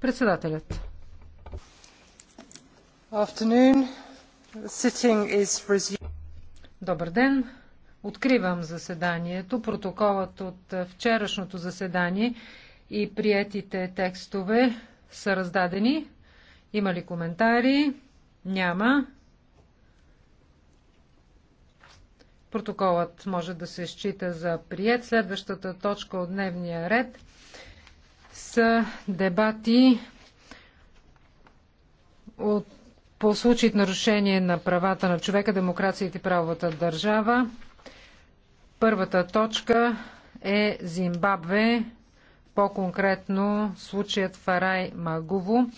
Председателят. Добър ден! Откривам заседанието. Протоколът от вчерашното заседание и приетите текстове са раздадени. Има ли коментари? Няма. Протоколът може да се счита за прият. Следващата точка от дневния ред са дебати от, по случай нарушение на правата на човека, демокрацията и правовата държава. Първата точка е Зимбабве, по-конкретно случаят Фарай Магово.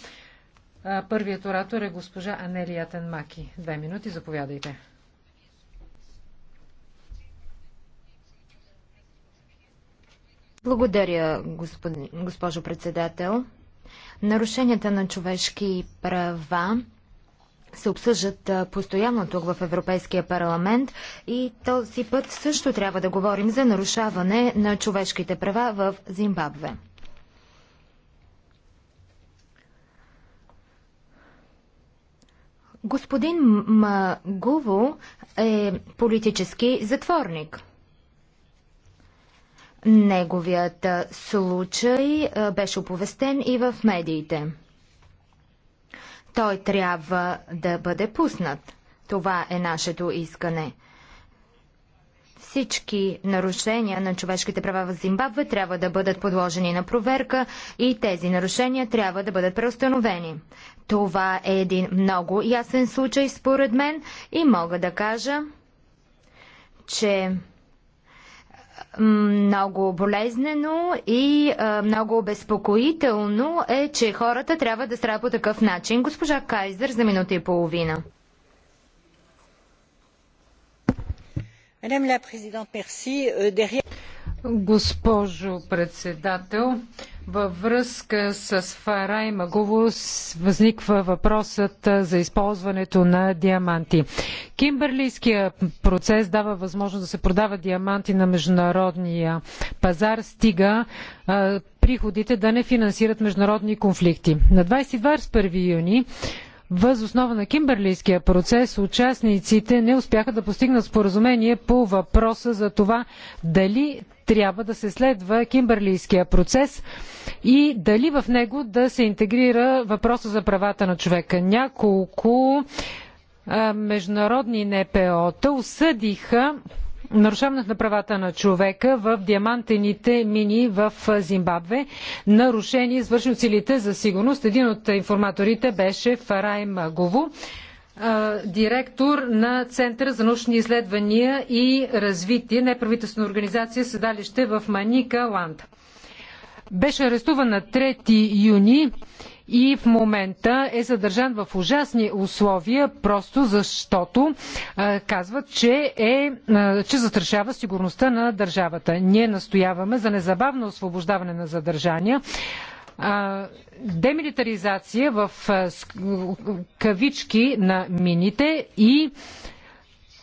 Първият оратор е госпожа Анелия Тенмаки. Две минути, заповядайте. Благодаря, господ... госпожо председател. Нарушенията на човешки права се обсъждат постоянно тук в Европейския парламент и този път също трябва да говорим за нарушаване на човешките права в Зимбабве. Господин Магуво е политически затворник. Неговият случай беше оповестен и в медиите. Той трябва да бъде пуснат. Това е нашето искане. Всички нарушения на човешките права в Зимбабве трябва да бъдат подложени на проверка и тези нарушения трябва да бъдат преустановени. Това е един много ясен случай според мен и мога да кажа, че много болезнено и а, много обезпокоително е, че хората трябва да страдат по такъв начин. Госпожа Кайзер за минута и половина. Madame la Présidente, merci. Euh, derrière... Госпожо председател, във връзка с Фара и Магово възниква въпросът за използването на диаманти. Кимберлийския процес дава възможност да се продава диаманти на международния пазар, стига а, приходите да не финансират международни конфликти. На 22 юни Въз основа на Кимберлийския процес участниците не успяха да постигнат споразумение по въпроса за това дали трябва да се следва Кимберлийския процес и дали в него да се интегрира въпроса за правата на човека. Няколко международни НПО-та осъдиха нарушаването на правата на човека в диамантените мини в Зимбабве, нарушени извършени целите силите за сигурност. Един от информаторите беше Фарай Магово, директор на Центъра за научни изследвания и развитие, неправителствена организация, седалище в Маника, Ланд. Беше арестуван на 3 юни и в момента е задържан в ужасни условия, просто защото е, казват, че, е, е, че застрашава сигурността на държавата. Ние настояваме за незабавно освобождаване на задържания е, демилитаризация в кавички на мините и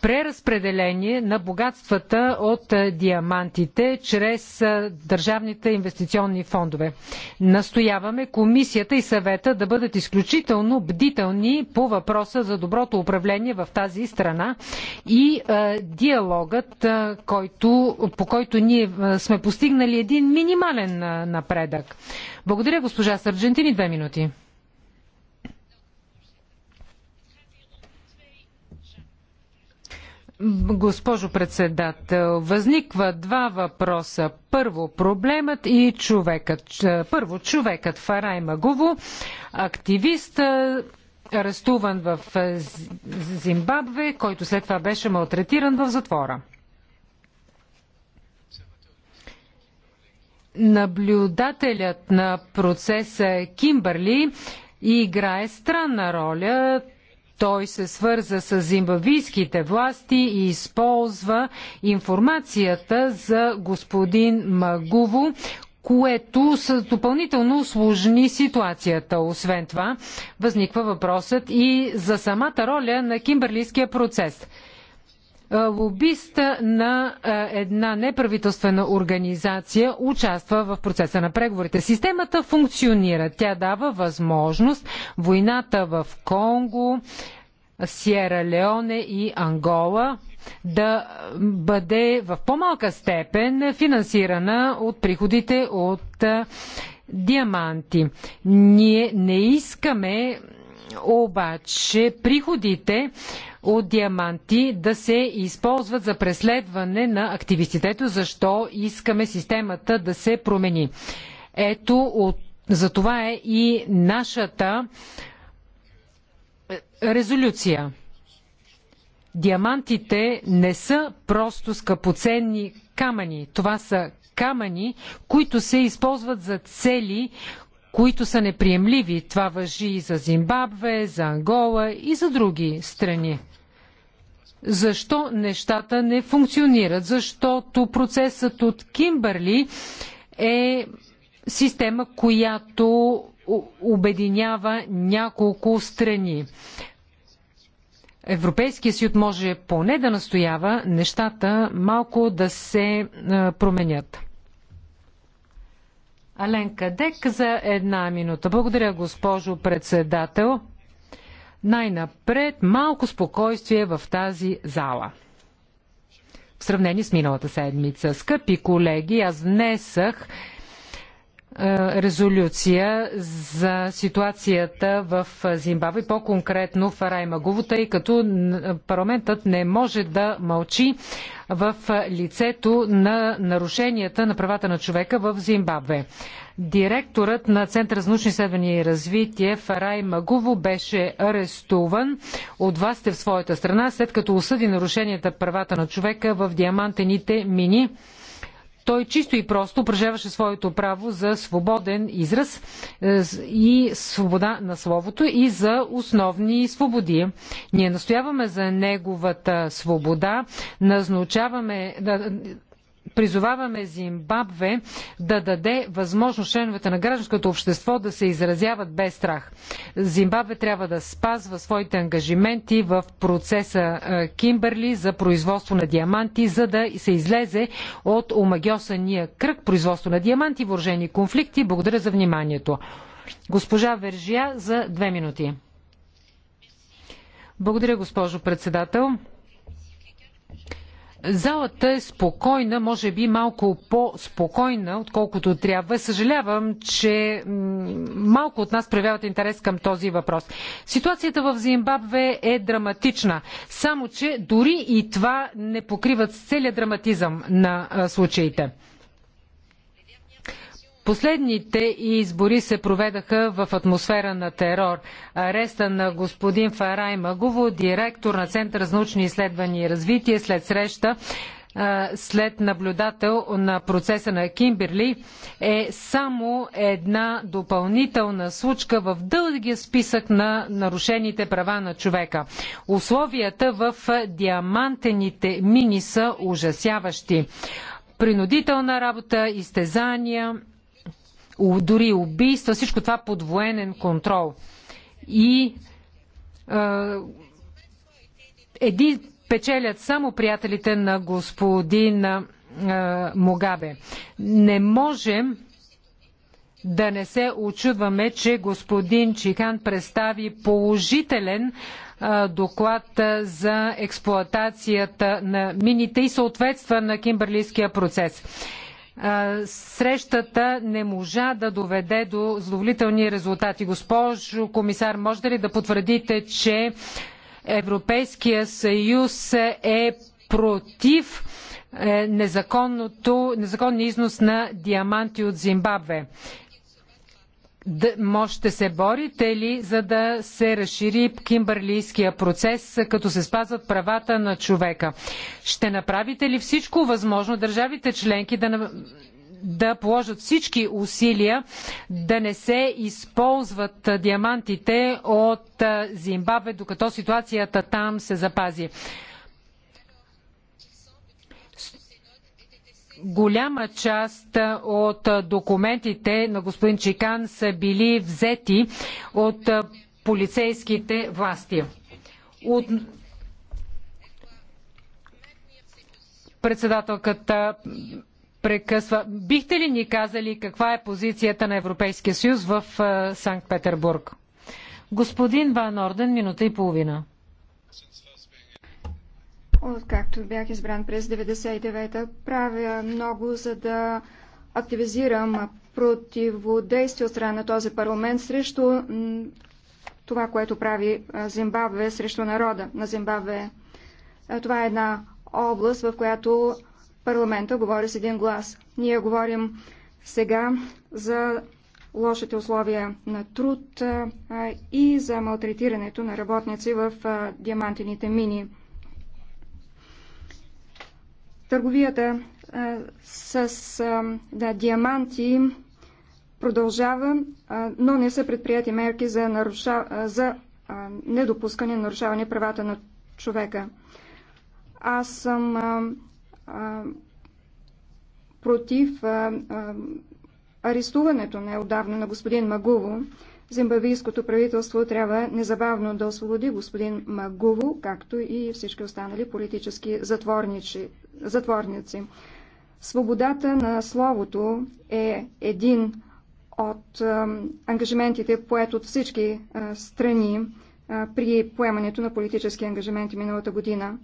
преразпределение на богатствата от е, диамантите чрез е, държавните инвестиционни фондове. Настояваме комисията и съвета да бъдат изключително бдителни по въпроса за доброто управление в тази страна и е, диалогът, който, по който ние сме постигнали един минимален напредък. Благодаря госпожа Сарджентини. Две минути. Госпожо председател, възниква два въпроса. Първо проблемът и човекът. Първо човекът Фарай Магуво, активист, арестуван в е, Зимбабве, който след това беше малтретиран в затвора. Наблюдателят на процеса Кимбърли играе странна роля. Той се свърза с зимбавийските власти и използва информацията за господин Магуво, което допълнително сложни ситуацията. Освен това, възниква въпросът и за самата роля на кимберлийския процес. Е, лобист на е, една неправителствена организация участва в процеса на преговорите. Системата функционира. Тя дава възможност войната в Конго, Сиера Леоне и Ангола да бъде в по-малка степен финансирана от приходите от е, диаманти. Ние не искаме обаче приходите от диаманти да се използват за преследване на активистите. Ето защо искаме системата да се промени. Ето от за това е и нашата резолюция. Диамантите не са просто скъпоценни камъни. Това са камъни, които се използват за цели, които са неприемливи. Това въжи и за Зимбабве, за Ангола и за други страни. Защо нещата не функционират? Защото процесът от Кимбърли е система, която обединява няколко страни. Европейския съюз може поне да настоява нещата малко да се променят. Ален Кадек за една минута. Благодаря, госпожо председател. Най-напред малко спокойствие в тази зала. В сравнение с миналата седмица, скъпи колеги, аз внесах е, резолюция за ситуацията в Зимбабве, по-конкретно в Раймагово, тъй като парламентът не може да мълчи в лицето на нарушенията на правата на човека в Зимбабве. Директорът на Центъра за научни изследвания и развитие Фарай Магуво беше арестуван от вас е в своята страна, след като осъди нарушенията правата на човека в диамантените мини той чисто и просто упражняваше своето право за свободен израз е, и свобода на словото и за основни свободи. Ние настояваме за неговата свобода, назначаваме, призоваваме Зимбабве да даде възможност членовете на гражданското общество да се изразяват без страх. Зимбабве трябва да спазва своите ангажименти в процеса е, Кимберли за производство на диаманти, за да се излезе от омагиосания кръг производство на диаманти, въоръжени конфликти. Благодаря за вниманието. Госпожа Вержия за две минути. Благодаря, госпожо председател. Залата е спокойна, може би малко по-спокойна, отколкото трябва. Съжалявам, че малко от нас проявяват интерес към този въпрос. Ситуацията в Зимбабве е драматична, само че дори и това не покриват целият драматизъм на случаите. Последните избори се проведаха в атмосфера на терор. Ареста на господин Фарай Магуво, директор на Център за научни изследвания и развитие след среща след наблюдател на процеса на Кимберли е само една допълнителна случка в дългия списък на нарушените права на човека. Условията в диамантените мини са ужасяващи. Принудителна работа, изтезания, дори убийства, всичко това под военен контрол. И еди печелят само приятелите на господин е, Могабе. Не можем да не се очудваме, че господин Чихан представи положителен доклад за експлоатацията на мините и съответства на кимберлийския процес срещата не можа да доведе до задоволителни резултати. Госпожо комисар, можете ли да потвърдите, че Европейския съюз е против е, незаконния износ на диаманти от Зимбабве? ще се борите ли за да се разшири кимбърлийския процес, като се спазват правата на човека? Ще направите ли всичко възможно държавите членки да, да положат всички усилия да не се използват диамантите от Зимбабве, докато ситуацията там се запази? голяма част от документите на господин Чикан са били взети от полицейските власти. От... Председателката прекъсва. Бихте ли ни казали каква е позицията на Европейския съюз в е, Санкт Петербург? Господин Ван Орден, минута и половина. Откакто бях избран през 99-та, правя много, за да активизирам противодействие от страна на този парламент срещу това, което прави Зимбабве срещу народа на Зимбабве. Това е една област, в която парламента говори с един глас. Ние говорим сега за лошите условия на труд и за малтретирането на работници в диамантените мини. Търговията с да, диаманти продължава, но не са предприяти мерки за, наруша... за недопускане на нарушаване правата на човека. Аз съм а, а, против а, а, арестуването неодавна на господин Магуво. Зимбавийското правителство трябва незабавно да освободи господин Магуво, както и всички останали политически затворници затворници. Свободата на словото е един от ангажиментите, поет от всички страни при поемането на политически ангажименти миналата година.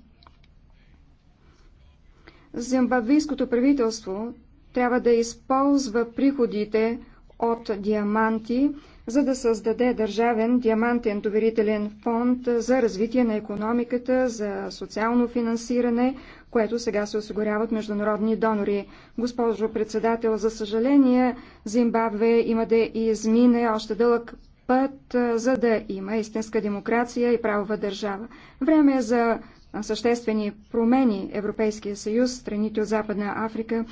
Зимбабвийското правителство трябва да използва приходите от диаманти, за да създаде държавен диамантен доверителен фонд за развитие на економиката, за социално финансиране, което сега се осигуряват международни донори. Госпожо председател, за съжаление, Зимбабве има да измине още дълъг път, за да има истинска демокрация и правова държава. Време е за съществени промени. Европейския съюз, страните от Западна Африка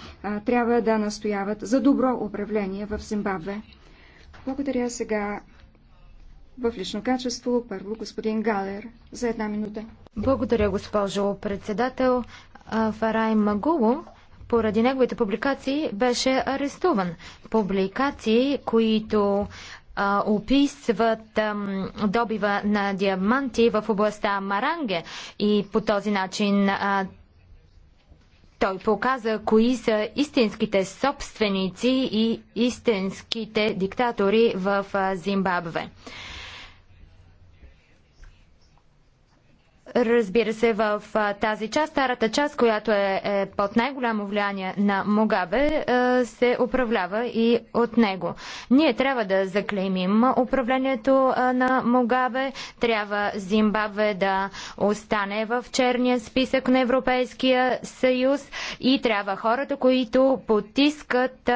трябва да настояват за добро управление в Зимбабве. Благодаря сега в лично качество първо господин Галер за една минута. Благодаря, госпожо председател. Фарай Магулу поради неговите публикации беше арестуван. Публикации, които а, описват а, добива на диаманти в областта Маранге и по този начин а, той показа кои са истинските собственици и истинските диктатори в Зимбабве. Разбира се, в тази част, старата част, която е, е под най-голямо влияние на Могабе, се управлява и от него. Ние трябва да заклеймим управлението на Могабе, трябва Зимбабве да остане в черния списък на Европейския съюз и трябва хората, които потискат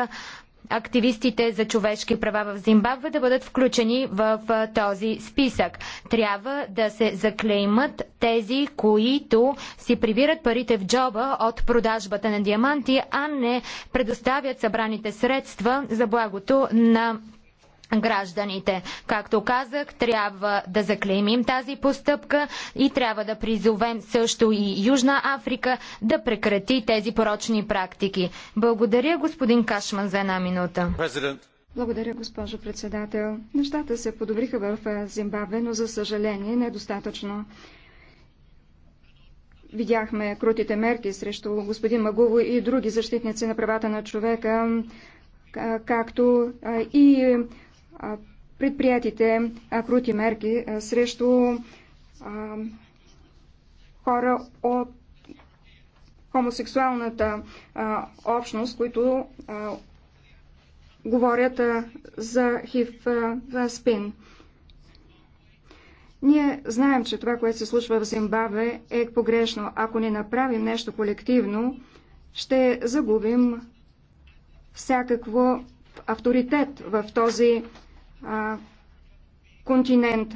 активистите за човешки права в Зимбабве да бъдат включени в този списък. Трябва да се заклеймат тези, които си прибират парите в джоба от продажбата на диаманти, а не предоставят събраните средства за благото на гражданите. Както казах, трябва да заклеймим тази постъпка и трябва да призовем също и Южна Африка да прекрати тези порочни практики. Благодаря господин Кашман за една минута. Президент. Благодаря, госпожо председател. Нещата се подобриха в Зимбабве, но за съжаление недостатъчно. Видяхме крутите мерки срещу господин Магуво и други защитници на правата на човека, както и предприятите крути мерки срещу хора от хомосексуалната общност, които говорят за хив спин. Ние знаем, че това, което се случва в Зимбабве е погрешно. Ако не направим нещо колективно, ще загубим всякакво авторитет в този а, континент.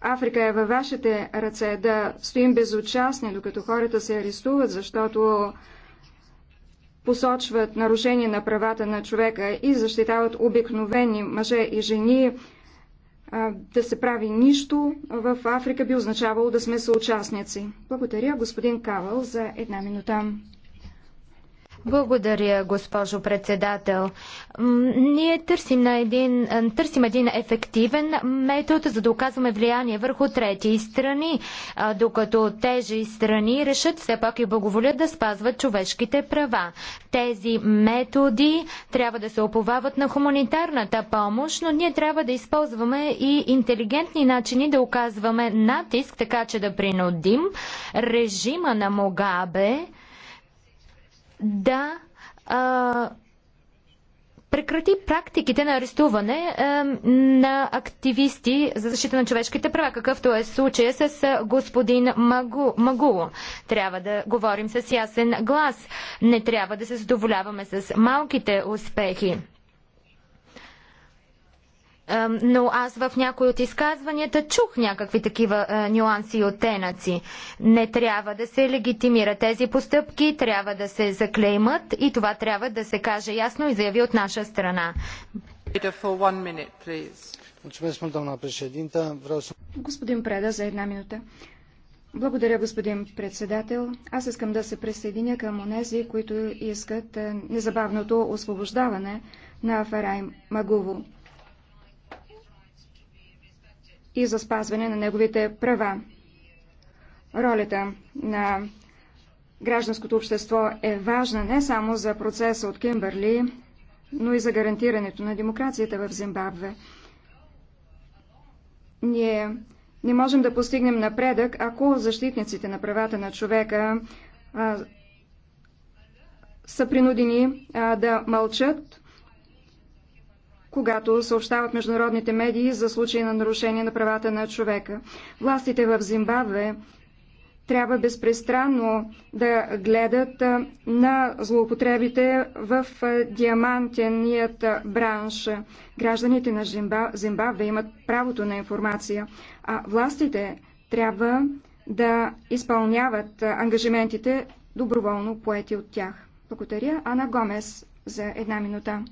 Африка е във вашите ръце да стоим безучастни, докато хората се арестуват, защото посочват нарушение на правата на човека и защитават обикновени мъже и жени. А, да се прави нищо в Африка би означавало да сме съучастници. Благодаря господин Кавал за една минута. Благодаря, госпожо председател. Ние търсим, на един, търсим един ефективен метод, за да оказваме влияние върху трети страни, докато тези страни решат все пак и благоволят да спазват човешките права. Тези методи трябва да се оповават на хуманитарната помощ, но ние трябва да използваме и интелигентни начини да оказваме натиск, така че да принудим режима на Могабе да а, прекрати практиките на арестуване а, на активисти за защита на човешките права, какъвто е случая с господин Магу, Магуло. Трябва да говорим с ясен глас. Не трябва да се задоволяваме с малките успехи но аз в някои от изказванията чух някакви такива е, нюанси и оттенъци. Не трябва да се легитимира тези постъпки, трябва да се заклеймат и това трябва да се каже ясно и заяви от наша страна. Господин Преда, за една минута. Благодаря, господин председател. Аз искам да се присъединя към онези, които искат е, незабавното освобождаване на Фарай Магуво и за спазване на неговите права. Ролята на гражданското общество е важна не само за процеса от Кимберли, но и за гарантирането на демокрацията в Зимбабве. Ние не можем да постигнем напредък, ако защитниците на правата на човека а, са принудени а, да мълчат когато съобщават международните медии за случаи на нарушение на правата на човека. Властите в Зимбабве трябва безпристранно да гледат на злоупотребите в диамантеният бранш. Гражданите на Зимбабве имат правото на информация, а властите трябва да изпълняват ангажиментите доброволно поети от тях. Благодаря Ана Гомес за една минута.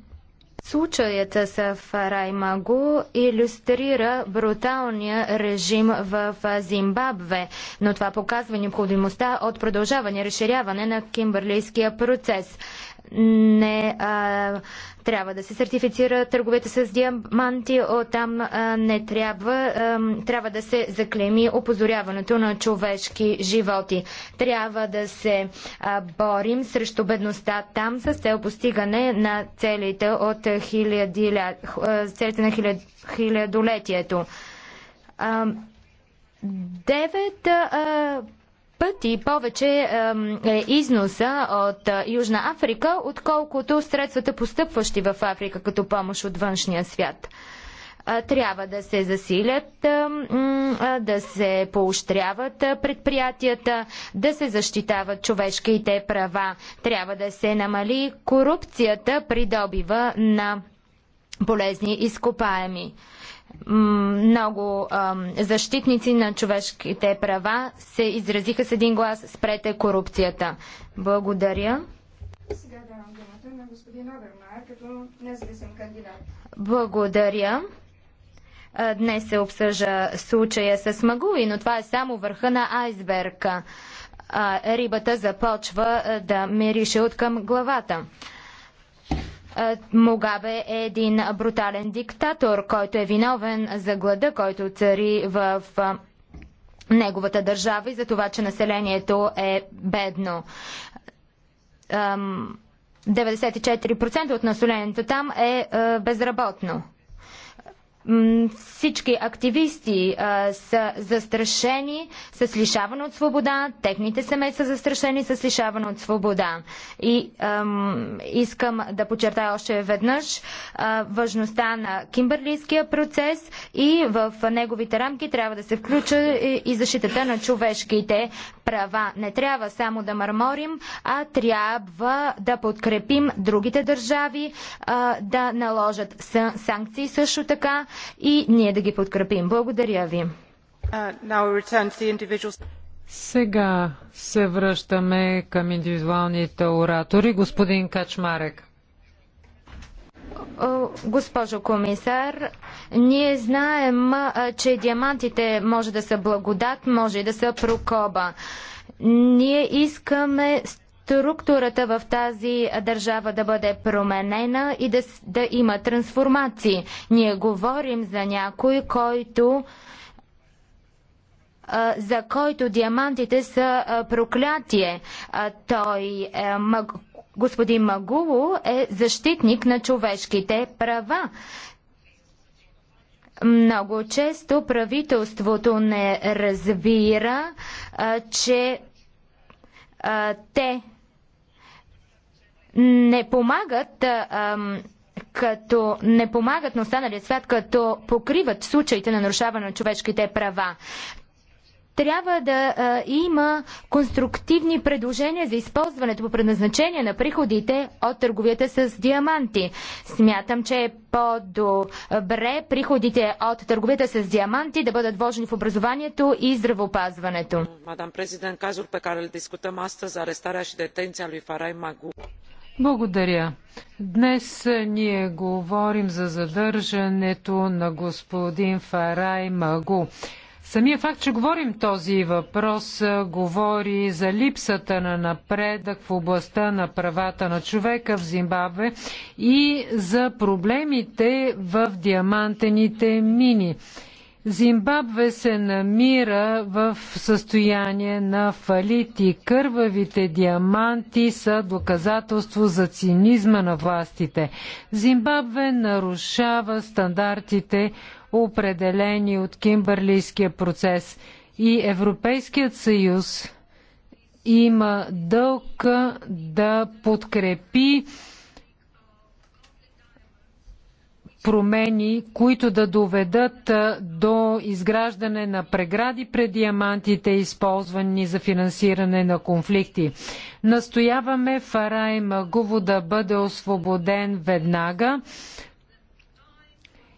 Случаята с Раймагу иллюстрира бруталния режим в Зимбабве, но това показва необходимостта от продължаване, разширяване на кимберлийския процес. Не а, трябва да се сертифицира търговете с диаманти, оттам а, не трябва, а, трябва да се заклеми опозоряването на човешки животи. Трябва да се а, борим срещу бедността там с цел постигане на целите от хиляди, е, целите на хиляд, хилядолетието. Девет пъти повече е износа от Южна Африка, отколкото средствата постъпващи в Африка като помощ от външния свят трябва да се засилят, да се поощряват предприятията, да се защитават човешките права. Трябва да се намали корупцията при добива на полезни изкопаеми. Много защитници на човешките права се изразиха с един глас спрете корупцията. Благодаря. Сега давам думата на господин Обермайер като независим кандидат. Благодаря. Е, днес се обсъжда случая с Магуи, но това е само върха на айсберга. Е, рибата започва е, да мирише от към главата. Могабе е един брутален диктатор, който е виновен за глада, който цари в неговата държава и за това, че населението е бедно. 94% от населението там е безработно всички активисти а, са застрашени с лишаване от свобода, техните семейства са застрашени с лишаване от свобода. И ам, искам да подчертая още веднъж а, важността на кимберлийския процес и в неговите рамки трябва да се включа и, и защитата на човешките права. Не трябва само да мърморим, а трябва да подкрепим другите държави а, да наложат санкции също така и ние да ги подкрепим. Благодаря ви. Uh, Сега се връщаме към индивидуалните оратори. Господин Качмарек. Госпожо комисар, ние знаем, че диамантите може да са благодат, може и да са прокоба. Ние искаме структурата в тази държава да бъде променена и да, да има трансформации. Ние говорим за някой, който за който диамантите са проклятие. Той е Господин Магуло е защитник на човешките права. Много често правителството не разбира, а, че а, те не помагат а, като не помагат на останалия свят, като покриват случаите на нарушаване на човешките права. Трябва да а, има конструктивни предложения за използването по предназначение на приходите от търговията с диаманти. Смятам, че е по-добре приходите от търговията с диаманти да бъдат вложени в образованието и здравопазването. Мадам президент, казур pe care îl discutăm за arestarea și detenția lui Farai Magu. Благодаря. Днес ние говорим за задържането на господин Фарай Магу. Самия факт, че говорим този въпрос, говори за липсата на напредък в областта на правата на човека в Зимбабве и за проблемите в диамантените мини. Зимбабве се намира в състояние на фалит и кървавите диаманти са доказателство за цинизма на властите. Зимбабве нарушава стандартите определени от Кимбърлийския процес. И Европейският съюз има дълг да подкрепи промени, които да доведат до изграждане на прегради пред диамантите, използвани за финансиране на конфликти. Настояваме Фарай Магуво да бъде освободен веднага,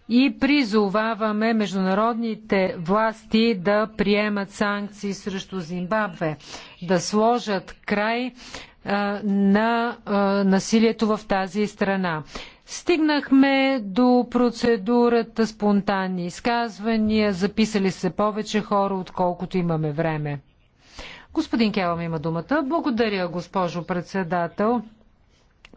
и призоваваме международните власти да приемат санкции срещу Зимбабве, да сложат край а, на а, насилието в тази страна. Стигнахме до процедурата спонтанни изказвания, записали се повече хора, отколкото имаме време. Господин Келам има думата. Благодаря, госпожо председател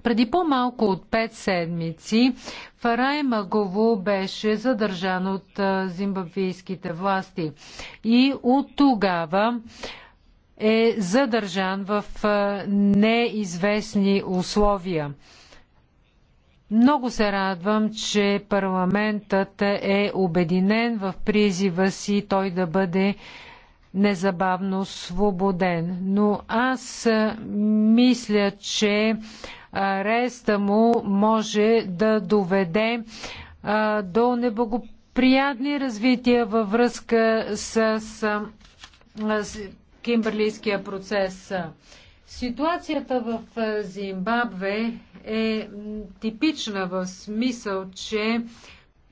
преди по-малко от 5 седмици Фарай Магово беше задържан от зимбабвийските власти и от тогава е задържан в неизвестни условия. Много се радвам, че парламентът е обединен в призива си той да бъде незабавно свободен. Но аз мисля, че ареста му може да доведе а, до неблагоприятни развития във връзка с, с кимберлийския процес. Ситуацията в Зимбабве е типична в смисъл, че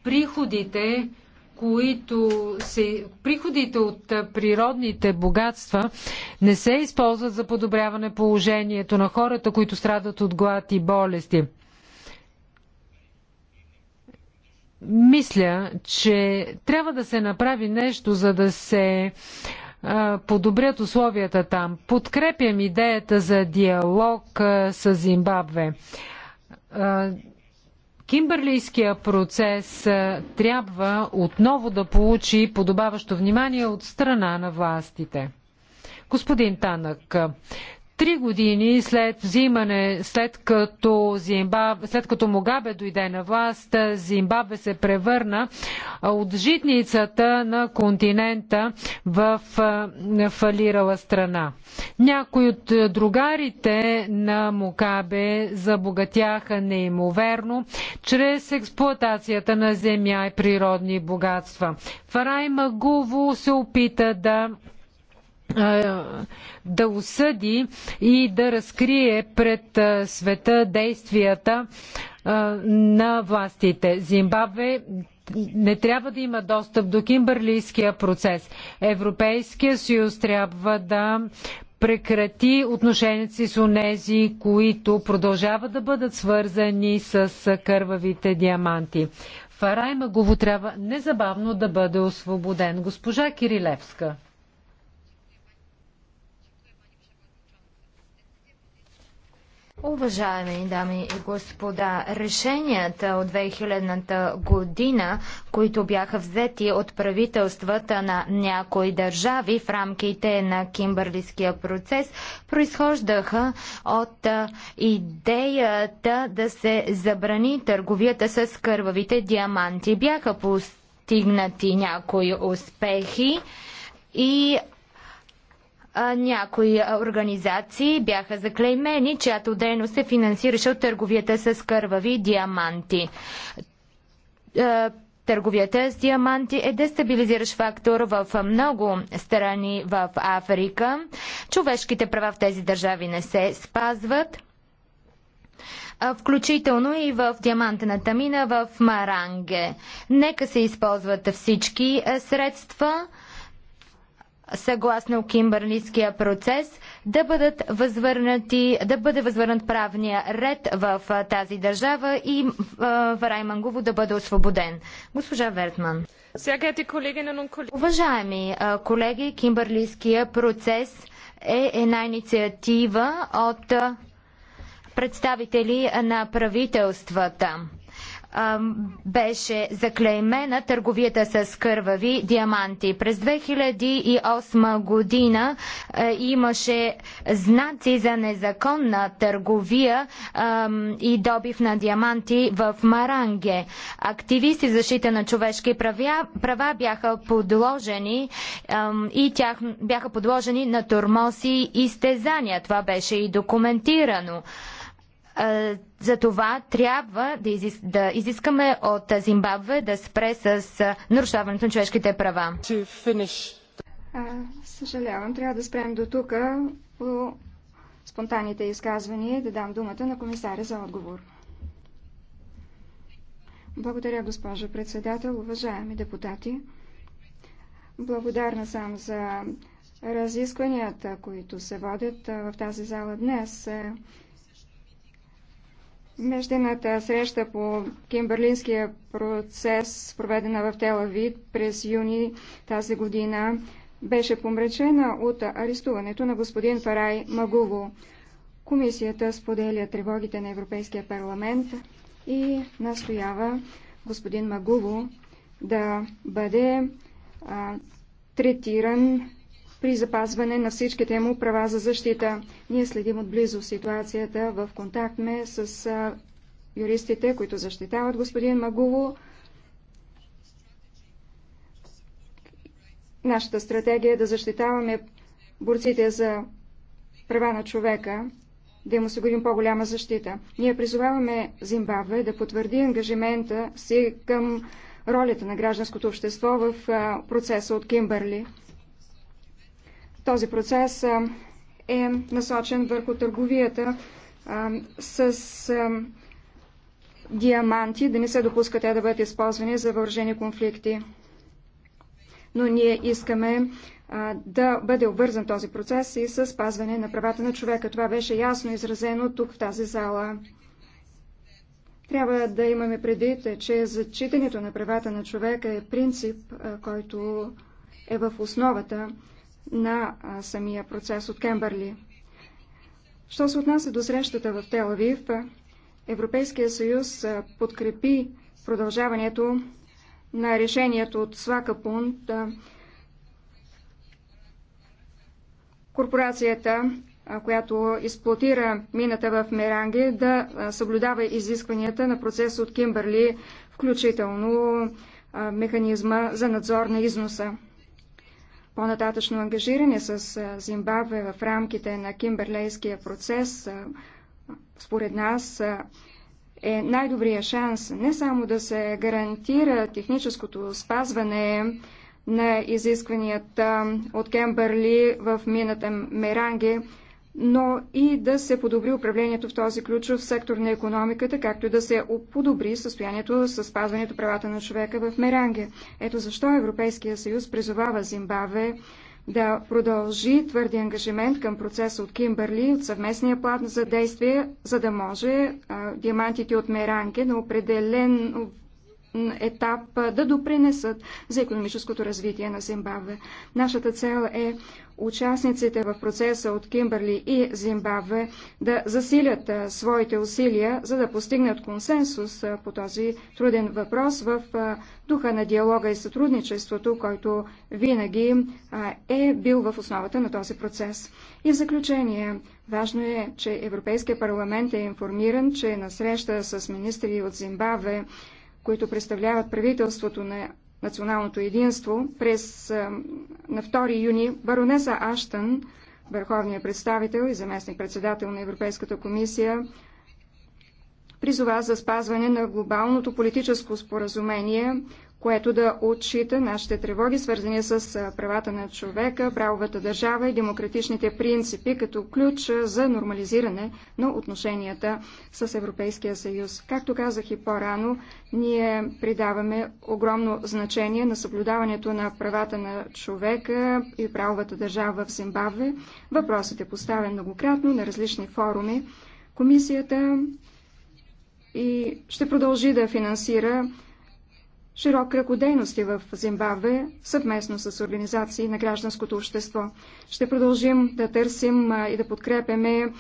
приходите които се, приходите от природните богатства не се използват за подобряване положението на хората, които страдат от глад и болести. Мисля, че трябва да се направи нещо, за да се подобрят условията там. Подкрепям идеята за диалог с Зимбабве. Кимберлийския процес трябва отново да получи подобаващо внимание от страна на властите. Господин Танък, Три години след взимане, след като, Зимбаб... след като Могабе дойде на власт, Зимбабве се превърна от житницата на континента в фалирала страна. Някои от другарите на Мукабе забогатяха неимоверно чрез експлоатацията на земя и природни богатства. Фарай Магуво се опита да да осъди и да разкрие пред света действията на властите. Зимбабве не трябва да има достъп до кимбърлийския процес. Европейския съюз трябва да прекрати отношенията си с онези, които продължават да бъдат свързани с кървавите диаманти. Фарай Магово трябва незабавно да бъде освободен. Госпожа Кирилевска. Уважаеми дами и господа, решенията от 2000-та година, които бяха взети от правителствата на някои държави в рамките на кимбърлиския процес, произхождаха от идеята да се забрани търговията с кървавите диаманти. Бяха постигнати някои успехи и някои организации бяха заклеймени, чиято дейност се финансираше от търговията с кървави диаманти. Търговията с диаманти е дестабилизиращ фактор в много страни в Африка. Човешките права в тези държави не се спазват включително и в диамантената мина в Маранге. Нека се използват всички средства съгласно Кимберлийския процес, да, бъдат възвърнати, да бъде възвърнат правния ред в тази държава и Варай Мангуво да бъде освободен. Госпожа Вертман. Уважаеми колеги, Кимберлийския процес е една инициатива от представители на правителствата беше заклеймена търговията с кървави диаманти. През 2008 година е, имаше знаци за незаконна търговия и добив на диаманти в Маранге. Активисти за защита на човешки права, права бяха подложени и тях бяха подложени на тормоз и изтезания. Това беше и документирано. За това трябва да, изис... да изискаме от Зимбабве да спре с нарушаването на човешките права. А, съжалявам, трябва да спрем до тук по спонтанните изказвания и да дам думата на комисаря за отговор. Благодаря, госпожо председател, уважаеми депутати. Благодарна съм за разискванията, които се водят в тази зала днес. Междинната среща по Кимберлинския процес, проведена в Телавид през юни тази година, беше помречена от арестуването на господин Фарай Магуво. Комисията споделя тревогите на Европейския парламент и настоява господин Магуво да бъде а, третиран при запазване на всичките му права за защита. Ние следим отблизо ситуацията в контакт ме с юристите, които защитават господин Магуво. Нашата стратегия е да защитаваме борците за права на човека, да им осигурим по-голяма защита. Ние призоваваме Зимбабве да потвърди ангажимента си към ролята на гражданското общество в процеса от Кимбърли. Този процес е насочен върху търговията с диаманти, да не се допуска те да бъдат използвани за въоръжени конфликти. Но ние искаме да бъде обвързан този процес и с спазване на правата на човека. Това беше ясно изразено тук в тази зала. Трябва да имаме предвид, че зачитането на правата на човека е принцип, който е в основата на самия процес от Кембърли. Що се отнася до срещата в Телавив, Европейския съюз подкрепи продължаването на решението от Свака Пунт корпорацията, която изплотира мината в Меранге, да съблюдава изискванията на процес от Кимбърли, включително механизма за надзор на износа по-нататъчно ангажиране с Зимбабве в рамките на Кимберлейския процес, според нас е най-добрият шанс не само да се гарантира техническото спазване на изискванията от Кембърли в мината Меранге, но и да се подобри управлението в този ключов сектор на економиката, както и да се подобри състоянието с спазването правата на човека в Меранге. Ето защо Европейския съюз призовава Зимбабве да продължи твърди ангажимент към процеса от Кимбърли, от съвместния план за действие, за да може а, диамантите от Меранге на определен етап да допринесат за економическото развитие на Зимбабве. Нашата цел е участниците в процеса от Кимбърли и Зимбабве да засилят своите усилия, за да постигнат консенсус по този труден въпрос в духа на диалога и сътрудничеството, който винаги е бил в основата на този процес. И в заключение, важно е, че Европейския парламент е информиран, че на среща с министри от Зимбабве които представляват правителството на националното единство, през, на 2 юни баронеса Аштън, върховният представител и заместник-председател на Европейската комисия, призова за спазване на глобалното политическо споразумение което да отчита нашите тревоги, свързани с правата на човека, правовата държава и демократичните принципи, като ключ за нормализиране на отношенията с Европейския съюз. Както казах и по-рано, ние придаваме огромно значение на съблюдаването на правата на човека и правовата държава в Зимбабве. Въпросът е поставен многократно на различни форуми. Комисията и ще продължи да финансира широк кръг от дейности в Зимбабве, съвместно с организации на гражданското общество. Ще продължим да търсим и да подкрепяме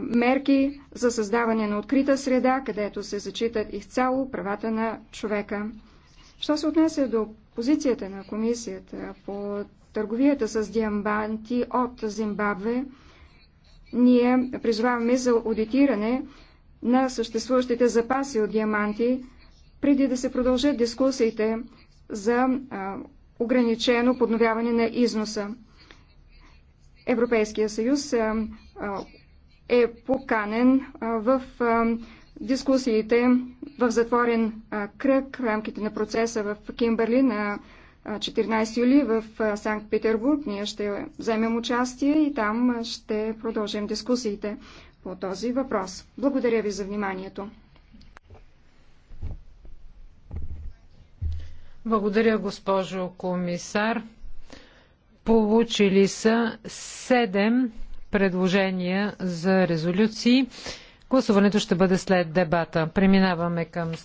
мерки за създаване на открита среда, където се зачитат изцяло правата на човека. Що се отнесе до позицията на комисията по търговията с диаманти от Зимбабве, ние призваваме за аудитиране на съществуващите запаси от диаманти, преди да се продължат дискусиите за ограничено подновяване на износа. Европейския съюз е поканен в дискусиите в затворен кръг в рамките на процеса в Кимберли на 14 юли в Санкт-Петербург. Ние ще вземем участие и там ще продължим дискусиите по този въпрос. Благодаря ви за вниманието. Благодаря, госпожо комисар. Получили са седем предложения за резолюции. Гласуването ще бъде след дебата. Преминаваме към след.